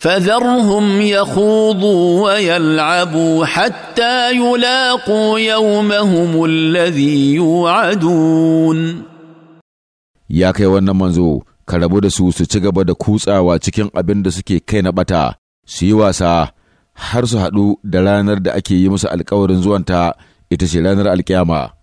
فذرهم يخوضوا ويلعبوا حتى يلاقوا يومهم الذي يوعدون ya kai wannan manzo ka rabu da su su ci gaba da kutsawa cikin abin da suke kai na bata su yi wasa har su haɗu da ranar da ake yi musu alkawarin zuwanta ita ce ranar alkiyama